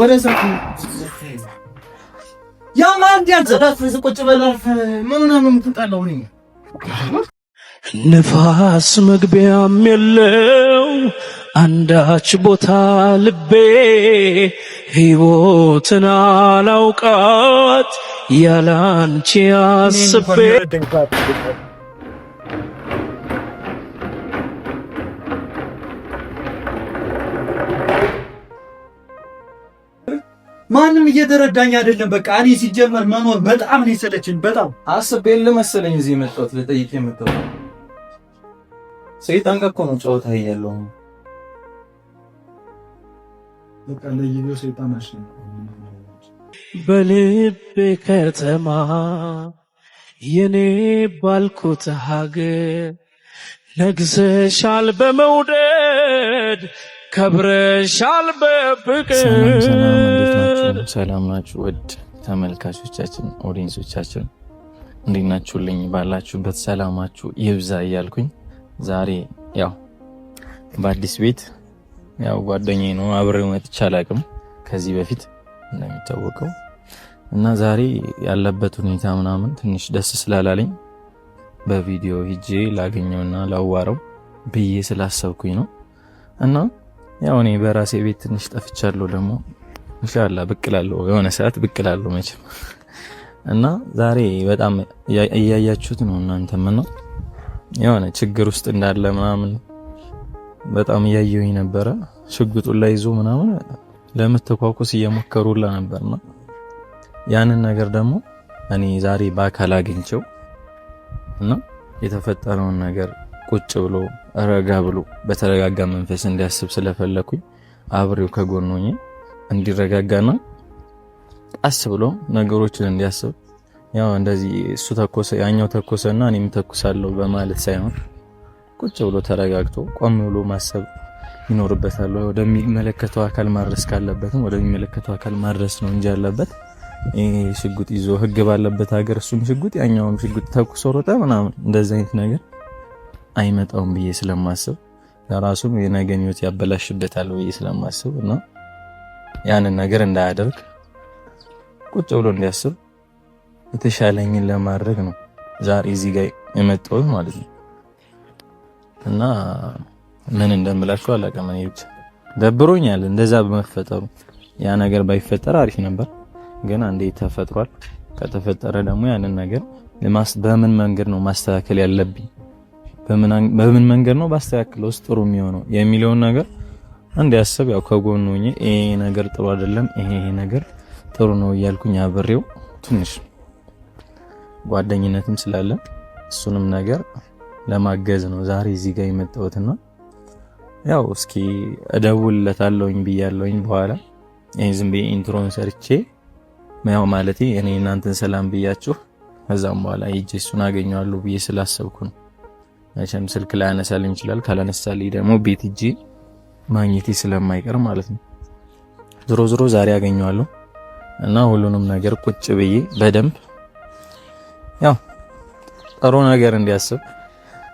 ወደዛ ያ ማን ቁጭ ነኝ ንፋስ መግቢያም የለው አንዳች ቦታ ልቤ ህይወትን አላውቃት ያላንቺ አስቤ ማንም እየተረዳኝ አይደለም። በቃ እኔ ሲጀመር መኖር በጣም ነው የሰለችኝ። በጣም አስቤን ለመሰለኝ እዚህ የመጣሁት ልጠይቅ የመጣሁት ሰይጣን ጋር እኮ ነው ጨዋታ ያለው። በቃ ለይዮ ሰይጣን አሽ በልቤ ከተማ የኔ ባልኩት ሀገር ነግሰሻል በመውደድ ከብረሻል በፍቅር ሰላም ናችሁ? ውድ ተመልካቾቻችን ኦዲንሶቻችን እንዴት ናችሁልኝ? ባላችሁበት ሰላማችሁ ይብዛ እያልኩኝ ዛሬ ያው በአዲስ ቤት ያው ጓደኛዬ ነው አብሬ መጥቼ አላቅም ከዚህ በፊት እንደሚታወቀው እና ዛሬ ያለበት ሁኔታ ምናምን ትንሽ ደስ ስላላለኝ በቪዲዮ ሂጄ ላገኘውና ላዋረው ብዬ ስላሰብኩኝ ነው እና ያው እኔ በራሴ ቤት ትንሽ ጠፍቻለሁ ደግሞ እንሻላ ብቅ እላለሁ፣ የሆነ ሰዓት ብቅ እላለሁ መቼም እና ዛሬ በጣም እያያችሁት ነው እናንተም ነው የሆነ ችግር ውስጥ እንዳለ ምናምን በጣም እያየሁኝ ነበረ። ሽጉጡን ላይ ይዞ ምናምን ለምትኳኩስ እየሞከሩላ ነበርና ያንን ነገር ደግሞ እኔ ዛሬ በአካል አግኝቼው እና የተፈጠረውን ነገር ቁጭ ብሎ ረጋ ብሎ በተረጋጋ መንፈስ እንዲያስብ ስለፈለኩኝ አብሬው ከጎኑ እንዲረጋጋና ቀስ ብሎ ነገሮችን እንዲያስብ ያው እንደዚህ እሱ ተኮሰ ያኛው ተኮሰና እኔም ተኩሳለሁ በማለት ሳይሆን ቁጭ ብሎ ተረጋግቶ ቆም ብሎ ማሰብ ይኖርበታል። ወደሚመለከተው አካል ማድረስ ካለበትም ወደሚመለከተው አካል ማድረስ ነው እንጂ ያለበት ይሄ ሽጉጥ ይዞ ህግ ባለበት ሀገር እሱም ሽጉጥ ያኛውም ሽጉጥ ተኩሶ ሮጠ ምናምን እንደዚህ አይነት ነገር አይመጣውም ብዬ ስለማስብ ለራሱም የነገን ህይወት ያበላሽበታል ብዬ ስለማስብ እና ያንን ነገር እንዳያደርግ ቁጭ ብሎ እንዲያስብ የተሻለኝን ለማድረግ ነው ዛሬ እዚህ ጋር የመጣሁት ማለት ነው። እና ምን እንደምላችሁ አላውቅም። እኔ ብቻ ደብሮኛል እንደዛ በመፈጠሩ። ያ ነገር ባይፈጠር አሪፍ ነበር፣ ግን አንዴ ተፈጥሯል። ከተፈጠረ ደግሞ ያንን ነገር በምን መንገድ ነው ማስተካከል ያለብኝ፣ በምን መንገድ ነው ባስተካክለው ጥሩ የሚሆነው የሚለውን ነገር አንድ ያሰብ ያው ከጎኑ ሆኜ ይሄ ነገር ጥሩ አይደለም፣ ይሄ ነገር ጥሩ ነው እያልኩኝ አብሬው ትንሽ ጓደኝነትም ስላለ እሱንም ነገር ለማገዝ ነው ዛሬ እዚህ ጋር የመጣሁትና ያው እስኪ እደውልለታለሁኝ ብያለሁኝ። በኋላ ይሄ ዝም ብዬ ኢንትሮን ሰርቼ ያው ማለት እኔ እናንተን ሰላም ብያችሁ ከዛም በኋላ ሂጄ እሱን አገኘዋለሁ ብዬ ስላሰብኩ ነው። መቼም ስልክ ላያነሳልኝ ይችላል። ካላነሳልኝ ደግሞ ቤት ሂጄ ማግኘቴ ስለማይቀር ማለት ነው። ዝሮ ዝሮ ዛሬ አገኘዋለሁ እና ሁሉንም ነገር ቁጭ ብዬ በደንብ ያው ጥሩ ነገር እንዲያስብ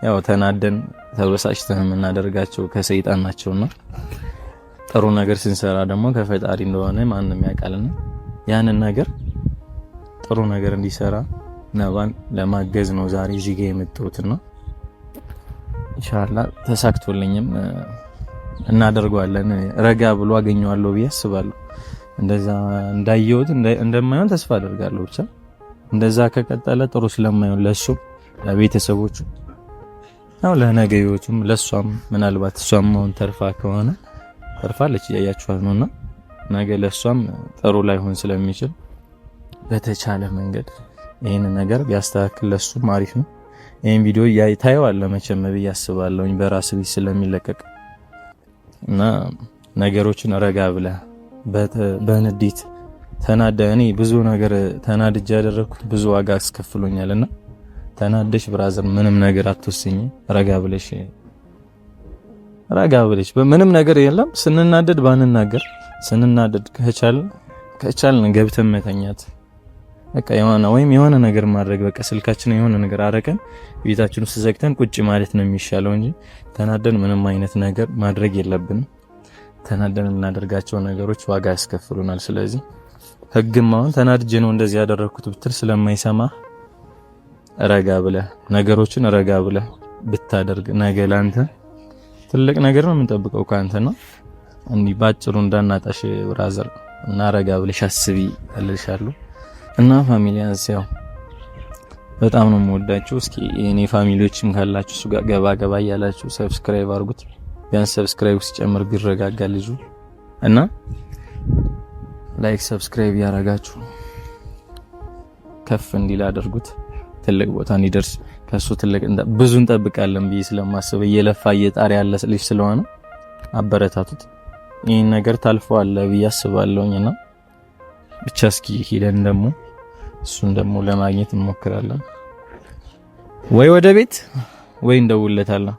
ያው ተናደን ተበሳጭተን የምናደርጋቸው ከሰይጣን ናቸውና ጥሩ ነገር ስንሰራ ደግሞ ከፈጣሪ እንደሆነ ማንም ያውቃልና ያንን ነገር ጥሩ ነገር እንዲሰራ ነባን ለማገዝ ነው ዛሬ እዚህ ጋ የመጣሁትና ኢንሻአላህ ተሳክቶልኝም እናደርገዋለን። ረጋ ብሎ አገኘዋለሁ ብዬ አስባለሁ። እንደዛ እንዳየሁት እንደማይሆን ተስፋ አደርጋለሁ። ብቻ እንደዛ ከቀጠለ ጥሩ ስለማይሆን ለሱ ለቤተሰቦቹ ያው ለነገ ህይወቱም ለሷም ምናልባት እሷም አሁን ተርፋ ከሆነ ተርፋለች እያያችኋት ነውና ነገ ለሷም ጥሩ ላይሆን ስለሚችል በተቻለ መንገድ ይህን ነገር ቢያስተካክል ለሱም አሪፍ ነው። ይህን ቪዲዮ ታየዋለህ መቼም ብዬ አስባለሁኝ በራስ ቤት ስለሚለቀቅ እና ነገሮችን ረጋ ብለ በንዴት ተናዳ እኔ ብዙ ነገር ተናድጅ ያደረኩት ብዙ ዋጋ አስከፍሎኛል። እና ተናደሽ ብራዘር ምንም ነገር አትወስኝ። ረጋ ብለሽ ረጋ ብለሽ ምንም ነገር የለም። ስንናደድ ባንናገር ስንናደድ ከቻል ከቻል ገብተን መተኛት በቃ የሆነ ወይም የሆነ ነገር ማድረግ በቃ ስልካችን የሆነ ነገር አረቀን ቤታችን ውስጥ ዘግተን ቁጭ ማለት ነው የሚሻለው እንጂ ተናደን ምንም አይነት ነገር ማድረግ የለብንም። ተናደን የምናደርጋቸው ነገሮች ዋጋ ያስከፍሉናል። ስለዚህ ህግም አሁን ተናድጄ ነው እንደዚህ ያደረግኩት ብትል ስለማይሰማ ረጋ ብለህ ነገሮችን ረጋ ብለህ ብታደርግ ነገ ላንተ ትልቅ ነገር ነው የምንጠብቀው ከአንተ ነው። እንዲህ ባጭሩ እንዳናጣሽ ብራዘር እና ረጋ ብለሽ አስቢ እልሻለሁ። እና ፋሚሊያንስ ያው በጣም ነው የምወዳችሁ። እስኪ የኔ ፋሚሊዎችም ካላችሁ እሱ ጋር ገባ ገባ እያላችሁ ሰብስክራይብ አድርጉት። ቢያንስ ሰብስክራይብ ሲጨምር ቢረጋጋ ልጁ እና ላይክ ሰብስክራይብ ያደረጋችሁ ከፍ እንዲል አድርጉት። ትልቅ ቦታ እንዲደርስ ከሱ ትልቅ ብዙ እንጠብቃለን ብዬ ስለማስብ እየለፋ እየጣር ያለ ልጅ ስለሆነ አበረታቱት። ይህን ነገር ታልፈዋለህ ብዬ አስባለሁኝ እና ብቻ እስኪ ሄደን ደግሞ እሱን ደግሞ ለማግኘት እንሞክራለን። ወይ ወደ ቤት ወይ እንደውልለታለን።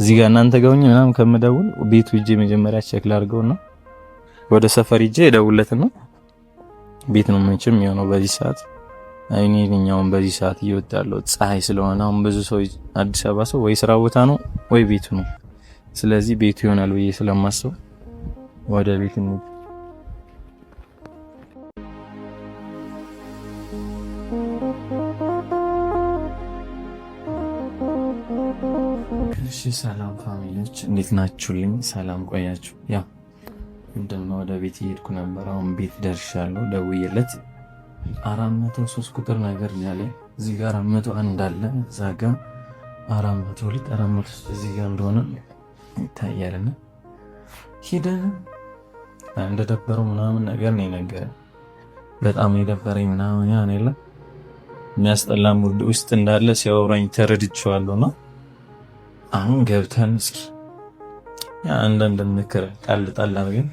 እዚህ ጋር እናንተ ጋር ሆኜ ምናምን ከምደውል ቤቱ ሂጄ መጀመሪያ ቼክ ላድርገውና ወደ ሰፈር ሂጄ እደውልለትና ቤት ነው ምንጭም የሚሆነው በዚህ ሰዓት አይኔ እኛውን በዚህ ሰዓት እየወጣለሁ ፀሐይ ስለሆነ አሁን ብዙ ሰው አዲስ አበባ ሰው ወይ ስራ ቦታ ነው ወይ ቤቱ ነው። ስለዚህ ቤቱ ይሆናል ብዬ ስለማስብ ወደ ቤት ነው። እሺ ሰላም ፋሚሊዎች እንዴት ናችሁልኝ? ሰላም ቆያችሁ? ያ ምንድን ወደ ቤት እየሄድኩ ነበር። አሁን ቤት ደርሻለሁ። ደውዬለት አራት መቶ ሶስት ቁጥር ነገር ያለ እዚህ ጋር አራት መቶ አንድ አለ እዛ ጋ አራት መቶ ሁለት አራት መቶ ሶስት እዚህ ጋር እንደሆነ ይታያልና ሂደን እንደደበረው ምናምን ነገር ነው የነገረኝ። በጣም የደበረኝ ምናምን ያ የለ የሚያስጠላ ሙድ ውስጥ እንዳለ ሲያወራኝ ተረድቼዋለሁ ነው አሁን ገብተን እስኪ እንደምንምክር ጣል ጣል ግን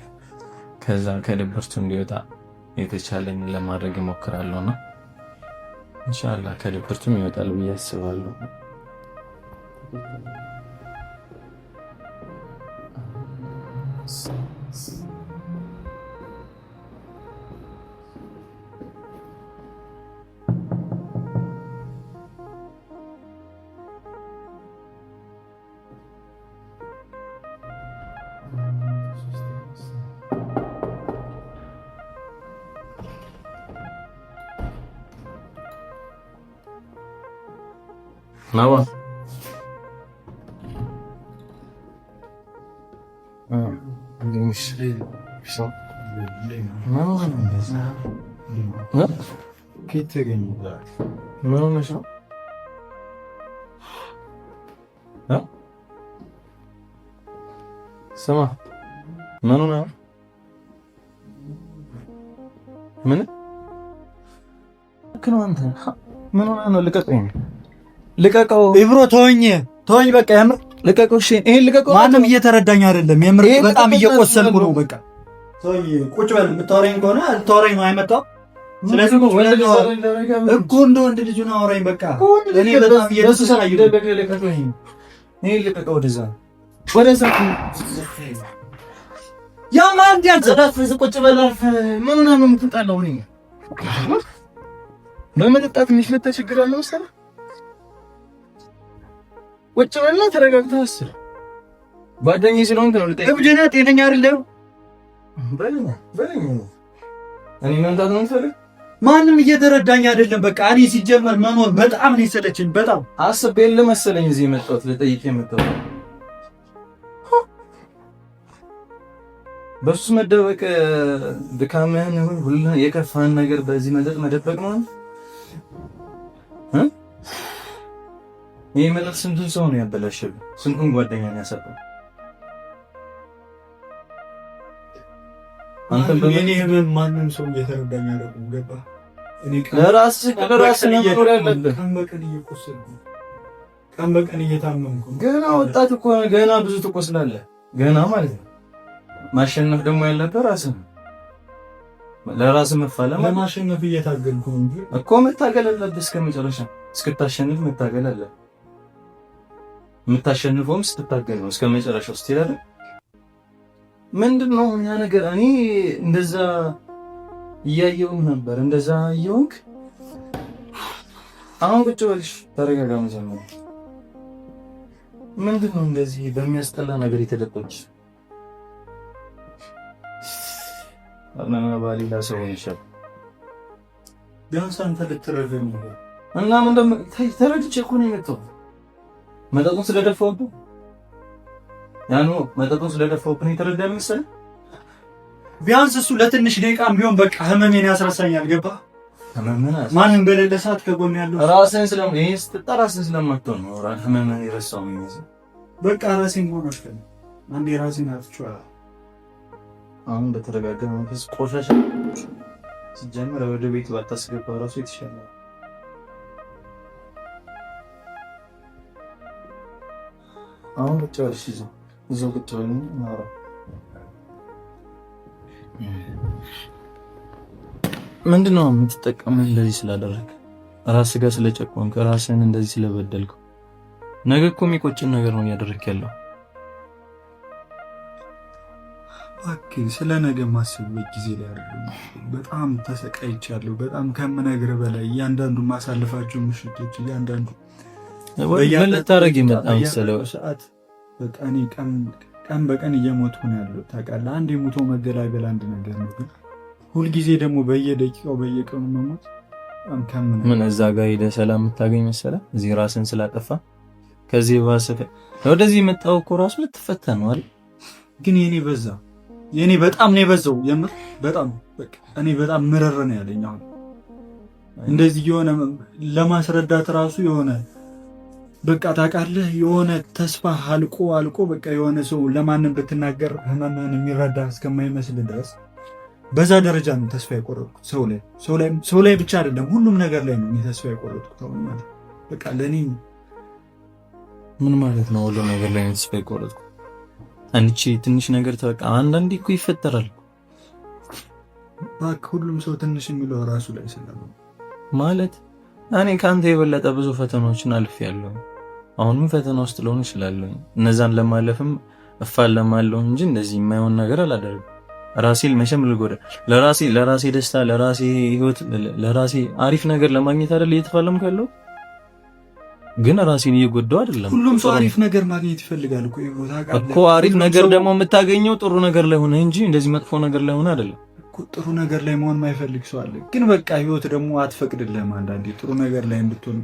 ከዛ ከድብርቱ እንዲወጣ የተቻለን ለማድረግ እሞክራለሁ እና እንሻላ ከድብርቱም ይወጣል ብዬ አስባለሁ። نوا آه. مش مش نوا لا كي ترين نوا مش ها سما منو نعم من كنو انت منو انا اللي قطعيني ልቀቀው ኢብሮ ተወኝ ተወኝ በቃ የምር ልቀቀው እሺ ይሄን ልቀቀው ማንም እየተረዳኝ አይደለም የምር በጣም እየቆሰልኩ ነው በቃ ተወኝ ቁጭ በል የምታወራኝ ከሆነ ነው አይመጣው ስለዚህ እኮ እንደ ወንድ ልጅ ነው አውራኝ በቃ እኔ በጣም ይሄን ልቀቀው ወደዛ ወደዛ ቁጭ ምን ነው የምትጣላው ነኝ በመጠጣት ችግር አለ መሰለህ ቁጭ በልና ተረጋግተህ አስብ። ጓደኛዬ ስለሆንክ ነው። እብድ ነህ፣ ጤነኛ አይደለህም። እኔ መምጣት ነው የምትፈልግ? ማንም እየተረዳኝ አይደለም። በቃ እኔ ሲጀመር መኖር በጣም ነው የሰለችኝ። በጣም አስብ። የለ መሰለኝ እዚህ የመጣሁት ልጠይቅህ የመጣሁት በሱ መደበቅ ድካምህን ሁሉ የከፋን ነገር በዚህ መጠጥ መደበቅ ነው እ ይህ መልክ ስንቱን ሰው ነው ያበላሸብህ፣ ስንቱን ጓደኛ ነው ያሰበው። አንተም በምን ይህም ማንም ሰው እየተረዳኝ የሚያደርጉ ገባ ራስህ ራስህ መኖር ያለብህ ቀን በቀን እየታመምኩ ገና ወጣት እኮ ገና ብዙ ትቆስላለህ። ገና ማለት ነው። ማሸነፍ ደግሞ ያለበት ራስህ ነው። ለራስህ መፋለም ለማሸነፍ እየታገልኩ እንጂ እኮ መታገል አለብህ። እስከመጨረሻ እስክታሸንፍ መታገል አለብህ። የምታሸንፈውም ስትታገል ነው እስከ መጨረሻው ስትል አይደል? ምንድን ነው ያ ነገር? እኔ እንደዛ እያየውም ነበር እንደዛ እየውንክ አሁን ቁጭ በልሽ ተረጋጋ። መጀመሪያ ምንድን ነው እንደዚህ በሚያስጠላ ነገር የተለቆች አብናና ባሌላ ሰው ይሻል ቢያንስ አንተ ልትረዳ ነው እና ምን ተረድቼ እኮ ነው የመጣሁት መጠጡን ስለደፋሁብህ ያኑ መጠጡን ስለደፋሁብህ የተረዳ መሰለህ? ቢያንስ እሱ ለትንሽ ደቂቃ ቢሆን በቃ ህመሜን ያስረሳኛል። ገባ ማንም በሌለ ሰዓት ከጎን ያለው ራስን ስለምን ይሄን ስትጠራ ራስህን ስለማትሆን ነው ህመሜን የረሳው የሚመስል በቃ ራሴን ሆኖ አልከኝ። አንዴ ራሴን አትችዋለሁ። አሁን በተረጋጋ መንፈስ ቆሻሻ ሲጀምር ወደ ቤት ባታስገባ ራሱ የተሻለ ነው። አሁን ቁጭ በል እዛው ቁጭ በል እናውራ። ምንድን ነው የምትጠቀመው? እንደዚህ ስላደረግ ራስህ ጋር ስለጨቆንክ ራስህን እንደዚህ ስለበደልከው ነገ እኮ የሚቆጭን ነገር ነው እያደረክ ያለው። እባክህ ስለ ነገ ማስብበት ጊዜ ላይ በጣም ተሰቃይቻለሁ። በጣም ከምነግርህ በላይ እያንዳንዱ ማሳልፋቸው ምሽቶች እያንዳንዱ ምን ልታደርግ የመጣ መሰለው ሰዓት በቃ እኔ ቀን በቀን እየሞትኩ ነው ያለው ታውቃለህ። አንድ የሞቶ መገላገል አንድ ነገር ነው፣ ግን ሁልጊዜ ደግሞ በየደቂቃው በየቀኑ መሞት ምን እዛ ጋር ሄደህ ሰላም የምታገኝ መሰለ? እዚህ ራስን ስላጠፋ ከዚህ ባሰ ወደዚህ የመጣው እኮ ራሱ ልትፈታ ነው አይደል? ግን የኔ በዛ የኔ በጣም ነው የበዛው። የምር በጣም እኔ በጣም ምርር ነው ያለኝ አሁን እንደዚህ የሆነ ለማስረዳት ራሱ የሆነ በቃ ታውቃለህ፣ የሆነ ተስፋ አልቆ አልቆ በቃ የሆነ ሰው ለማንም ብትናገር ህመምህን የሚረዳ እስከማይመስል ድረስ በዛ ደረጃ ነው ተስፋ የቆረጥኩት ሰው ላይ ሰው ላይ ብቻ አይደለም ሁሉም ነገር ላይ ነው ተስፋ የቆረጥኩት። አሁን ማለት በቃ ለእኔ ምን ማለት ነው? ሁሉም ነገር ላይ ነው ተስፋ የቆረጥኩት። አንቺ ትንሽ ነገር ተበቃ አንዳንዴ እኮ ይፈጠራል። እባክህ ሁሉም ሰው ትንሽ የሚለው ራሱ ላይ ስለ ማለት እኔ ከአንተ የበለጠ ብዙ ፈተናዎችን አልፌያለሁ። አሁንም ፈተና ውስጥ ልሆን እችላለሁ። እነዛን ለማለፍም እፋለማለሁ እንጂ እንደዚህ የማይሆን ነገር አላደርግም። ራሴን መቼም ልጎዳ ለራሴ ለራሴ ደስታ ለራሴ ህይወት ለራሴ አሪፍ ነገር ለማግኘት አይደል እየተፋለም ካለው ግን ራሴን እየጎዳው አይደለም። ሁሉም ሰው አሪፍ ነገር ማግኘት ይፈልጋል እኮ አሪፍ ነገር ደግሞ የምታገኘው ጥሩ ነገር ላይ ሆነ እንጂ እንደዚህ መጥፎ ነገር ላይ ሆነ አይደለም። ጥሩ ነገር ላይ መሆን የማይፈልግ ሰው አለ። ግን በቃ ህይወት ደግሞ አትፈቅድልህም። አንዳንዴ ጥሩ ነገር ላይ እንድትሆን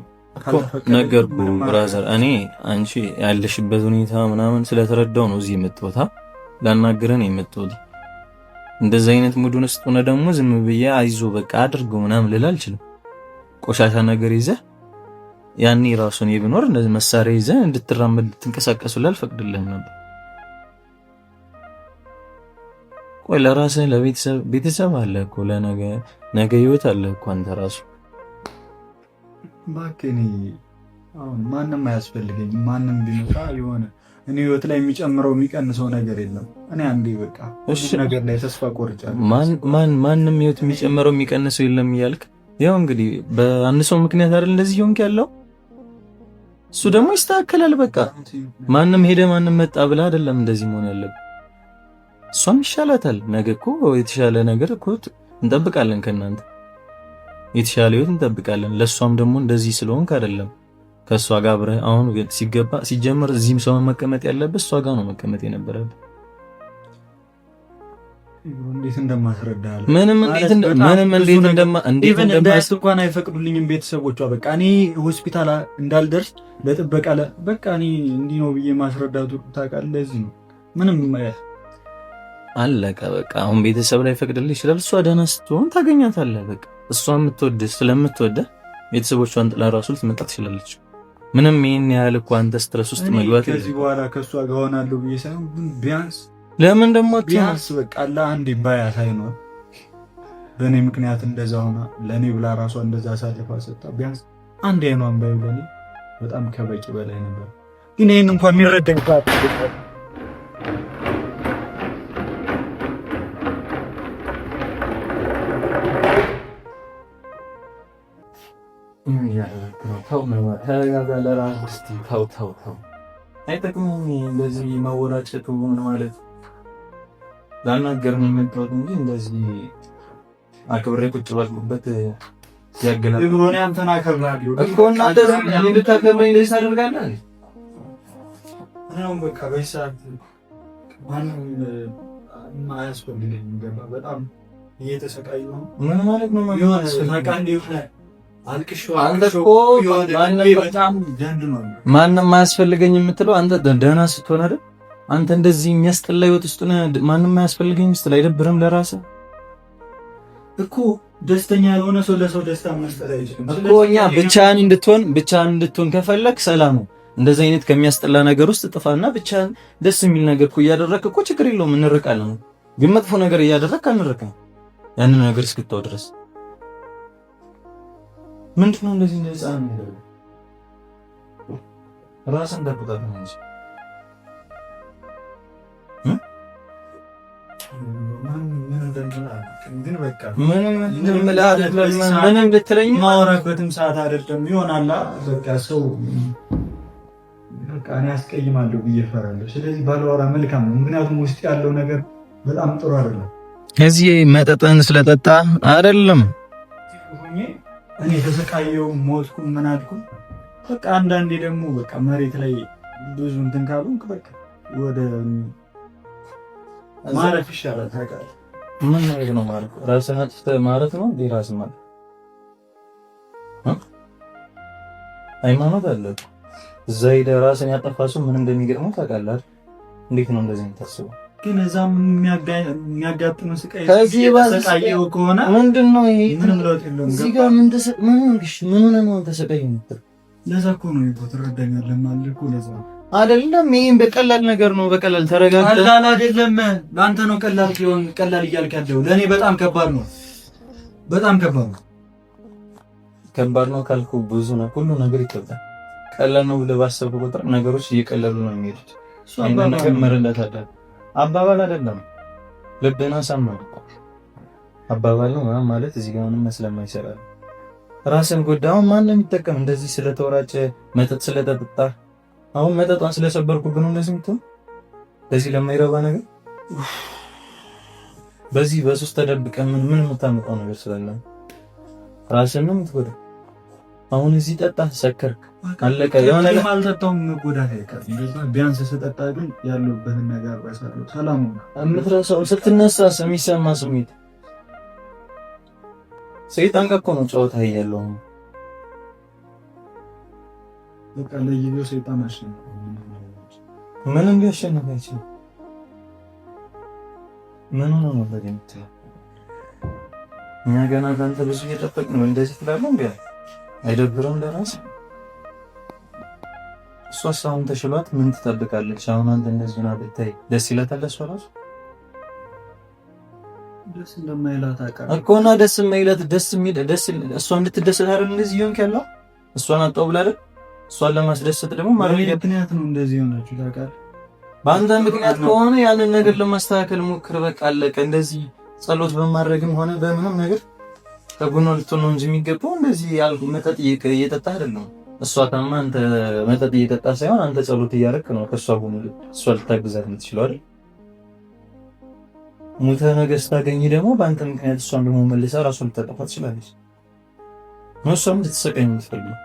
ነገርኩህ ብራዘር። እኔ አንቺ ያለሽበት ሁኔታ ምናምን ስለተረዳው ነው እዚህ የምትወታ ላናግረን የመጣሁት። እንደዚህ አይነት ሙዱን ውስጥ ሆነ ደግሞ ዝም ብዬ አይዞ በቃ አድርገው ምናምን ልል አልችልም። ቆሻሻ ነገር ይዘ ያኔ ራሱን ብኖር መሳሪያ ይዘ እንድትራመድ ልትንቀሳቀሱ ላልፈቅድልህም ነበር። ቆይ ለራስህ ለቤተሰብ ቤተሰብ አለ እኮ ለነገ ነገ ህይወት አለ እኮ አንተ ራሱ እባክህ። አሁን ማንም አያስፈልገኝ። ማንም ቢመጣ የሆነ እኔ ህይወት ላይ የሚጨምረው የሚቀንሰው ነገር የለም። እኔ አንዴ በቃ እሺ ነገር ላይ ተስፋ ቆርጫለሁ። ማንም ህይወት የሚጨምረው የሚቀንሰው የለም እያልክ ያው እንግዲህ በአንድ ሰው ምክንያት አይደል እንደዚህ ሆንክ ያለው እሱ ደግሞ ይስተካከላል። በቃ ማንም ሄደ ማንም መጣ ብላ አይደለም እንደዚህ መሆን ያለብህ። እሷም ይሻላታል። ነገ እኮ የተሻለ ነገር እኮ እንጠብቃለን ከእናንተ የተሻለ ህይወት እንጠብቃለን። ለእሷም ደግሞ እንደዚህ ስለሆንክ አይደለም ከእሷ ጋር አብረህ አሁን ሲገባ ሲጀምር እዚህም ሰው መቀመጥ ያለበት እሷ ጋር ነው መቀመጥ የነበረበት። እንዴት ምንም እንዴት እንኳን አይፈቅዱልኝም ቤተሰቦቿ። በቃ እኔ ሆስፒታል እንዳልደርስ ለጥበቃ በቃ እኔ እንዲህ ነው ብዬ ማስረዳቱ ታውቃለህ። ነው ምንም አለቀ በቃ። አሁን ቤተሰብ ላይ ፈቅድልህ ይችላል። እሷ ደህና ስትሆን ታገኛታለህ። በቃ እሷ የምትወድህ ስለምትወደ ቤተሰቦቿን ጥላ ራሱ ልትመጣ ትችላለች። ምንም ይህን ያህል እኮ አንተ ስትረስ ውስጥ መግባት ከዚህ በኋላ ከእሷ ጋር ሆናለሁ ብዬ ሳይሆን ቢያንስ ለምን ደግሞ ቢያንስ በቃ ለአንዴ ባያት አይኖር በእኔ ምክንያት እንደዛ ሆና ለእኔ ብላ ራሷ እንደዛ ሳልፋ ሰጣ ቢያንስ አንድ አይኗን ባይ በጣም ከበቂ በላይ ነበር። ግን ይህን እንኳ የሚረዳኝ ተው መባል ተረጋጋ። ለራስህ እስኪ ተው ተው ተው፣ አይጠቅምም እንደዚህ መወራጨቱ። ምን ማለት ላናገር ነው የመጣሁት እንጂ እንደዚህ አክብሬ ቁጭ ባልኩበት ያገላል አንተን አከብራለሁ እኮ እናንተ እንድታከብረኝ እንደዚህ ታደርጋለህ። በቃ በዚህ ሰዓት ማንም አያስፈልገኝም። ገባ በጣም እየተሰቃዩ ነው። ምን ማለት ነው? ማንም አያስፈልገኝ የምትለው አንተ ደህና ስትሆን አይደል? አንተ እንደዚህ የሚያስጠላ ህይወት ውስጥ ማንም አያስፈልገኝ ስትል አይደብርም? ለራስህ እኮ ደስተኛ ሰው ለሰው ደስታ መስጠት አይችልም እኮ። እኛ ብቻህን እንድትሆን ብቻህን እንድትሆን ሰላም ነው። እንደዚህ አይነት ከሚያስጠላ ነገር ውስጥ ጥፋና ብቻህን ደስ የሚል ነገር እኮ እኮ ችግር የለውም እንርቃለን። ግን መጥፎ ነገር አንርቅም፣ ያንን ነገር እስክታው ድረስ ነው እንደዚህ እንደ ነው? የሚለው? ራስን ጠብቀህ ነው እንጂ ምንም ብትለኝ ማወራበትም ሰዓት አይደለም። ይሆናላ በቃ ሰው በቃ እኔ አስቀይማለሁ ብዬ እፈራለሁ። ስለዚህ ባለዋራ መልካም ነው። ምክንያቱም ውስጥ ያለው ነገር በጣም ጥሩ አይደለም። እዚህ መጠጥን ስለጠጣ አይደለም እኔ ተሰቃየውም ሞትኩም ምናድኩ በቃ አንዳንዴ ደግሞ በቃ መሬት ላይ ብዙ እንትን ካሉ በቃ ወደ ማረፍ ይሻላል። ታውቃለህ ምን ማለት ነው? ማለት ራስን አጥፍተህ ማለት ነው። እንዴ? ራስ ማለት ሃይማኖት አለ እዛ ሄደህ ራስን ያጠፋ ሰው ምን እንደሚገጥመው ታውቃለህ። እንዴት ነው እንደዚህ የምታስበው? ግን እዛም የሚያጋጥም ስቃይ ከሆነ ምንድን ነው ምንም ለውጥ የለውም። እዚህ ጋር ምን ሆነ ነው ተሰቃየ ነበር። ለዛ እኮ ነው ይቦ ትረዳኛለህ ማለት እኮ ለዛ አይደለም። ይሄን በቀላል ነገር ነው በቀላል ተረጋግተህ ቀላል አይደለም። ለአንተ ነው ቀላል ሲሆን ቀላል እያልክ ያለው ለእኔ በጣም ከባድ ነው። በጣም ከባድ ነው። ከባድ ነው ካልኩ ብዙ ነው። ሁሉ ነገር ይከብዳል። ቀላል ነው ብለህ ባሰብኩ ቁጥር ነገሮች እየቀለሉ ነው የሚሄዱት። ነገር መረዳት አለብህ። አባባል አይደለም። ልብን አሳመን አባባል ነው ማለት እዚህ ጋር ምንም ስለማይሰራ ራስን ጎዳ። አሁን ማን ነው የሚጠቀም? እንደዚህ ስለተወራጨ መጠጥ ስለተጠጣ አሁን መጠጧን ስለሰበርኩ ግን እንደዚህ የምትሆን በዚህ ለማይረባ ነገር በዚህ በሱስ ተደብቀ ምን ምን የምታመጣው ነገር ስላለ ራስንም ነው አሁን እዚህ ጠጣ ሰከርክ፣ አለቀ። የሆነ ነገር አልጠጣሁም። ጎዳት አይቀርም። ቢያንስ ስጠጣ ግን ያለሁበትን ነገር ረሳለሁ። ሰላም የምትረሳው ስትነሳስ የሚሰማ ስሜት ሰይጣን እኮ ነው። ጨዋታ ያለው በቃ ለይየው ሰይጣን አሸነፈ። ምንም ቢያሸንፍ አይችልም። ምን ሆነ ነው ለገምተ እኛ ገና ከአንተ ብዙ እየጠበቅን ነው እንደዚህ ትላለህ። አይደብርም ለራስ እሷ አሁን ተሽሏት ምን ትጠብቃለች? አሁን አንተ እንደዚህ ሆና ብታይ ደስ ይላታል? ለእሷ እራሱ ደስ እንደማይላት እኮ እና ደስ የማይላት ደስ የሚል ደስ እሷ እንድትደሰት አይደል እንደዚህ ይሆን ያለው እሷን አጣው ብላ አይደል እሷን ለማስደሰት ደግሞ ማለት ምክንያት ነው እንደዚህ ሆናችሁ ታውቃለህ። በአንተ ምክንያት ከሆነ ያንን ነገር ለማስተካከል ሞክር። በቃ አለቀ። እንደዚህ ጸሎት በማድረግም ሆነ በምንም ነገር ከጎኗ ልትሆን ነው እንጂ የሚገባው እንደዚህ ያልኩ መጠጥ እየጠጣ አይደለም። እሷ ታማ አንተ መጠጥ እየጠጣ ሳይሆን አንተ ጸሎት እያደረክ ነው። ከእሷ ጎኑ እሷ ልታግዛት የምትችለው አይደል? ሙተ ነገስ ታገኝ ደግሞ በአንተ ምክንያት እሷን ደግሞ መልሳ ራሷን ልታጠፋ ትችላለች። እሷም ልትሰቃኝ የምትፈልገው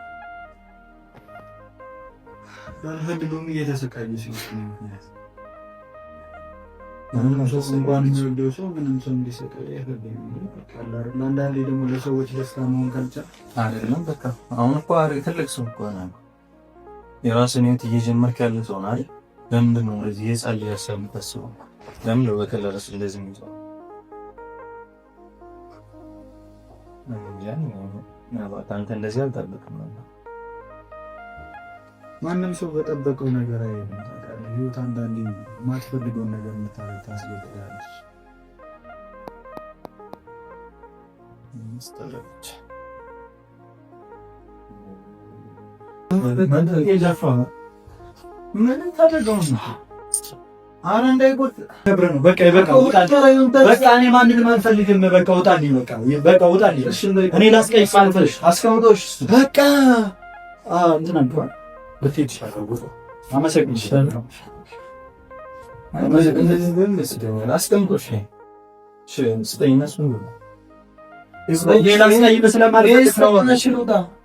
ባልፈልገውም እየተሰቃየች ነው ምክንያት ሰው እንኳን የሚወደው ሰው ምንም ሰው አንዳንዴ ደግሞ ለሰዎች ደስታ መሆን ካልቻል አይደለም በቃ አሁን እኮ ትልቅ ሰው እኮ ነው፣ የራስን ህይወት እየጀመርክ ያለ ሰው ነው አይደል? ለምንድን ነው የጻል ያሰብ የምታስበው? ለምን ነው በከለረስ እንደዚህ አንተ እንደዚህ አልጠበቅም። ማንም ሰው በጠበቀው ነገር አይደለም ህይወት አንዳንዴ የማትፈልገውን ነገር ታስገድዳለች። ምን ታደርገው ነው? አረ እንዳይጎት ነው። በቃ በቃ በቃ እኔ ማንንም አልፈልግም። በቃ ውጣልኝ። በቃ በቃ ውጣልኝ። እኔ ላስቀይ ሳልፈልሽ አስቀምጦሽ በቃ እንትን አንተዋ በቴት ይሻላል Ama bir şey. Anlaşacak bir şey değil de sürüyorum. Aslında bu şey. Şey, sıdayı nasıl olur? Sıdayı nasıl olur? Sıdayı nasıl olur?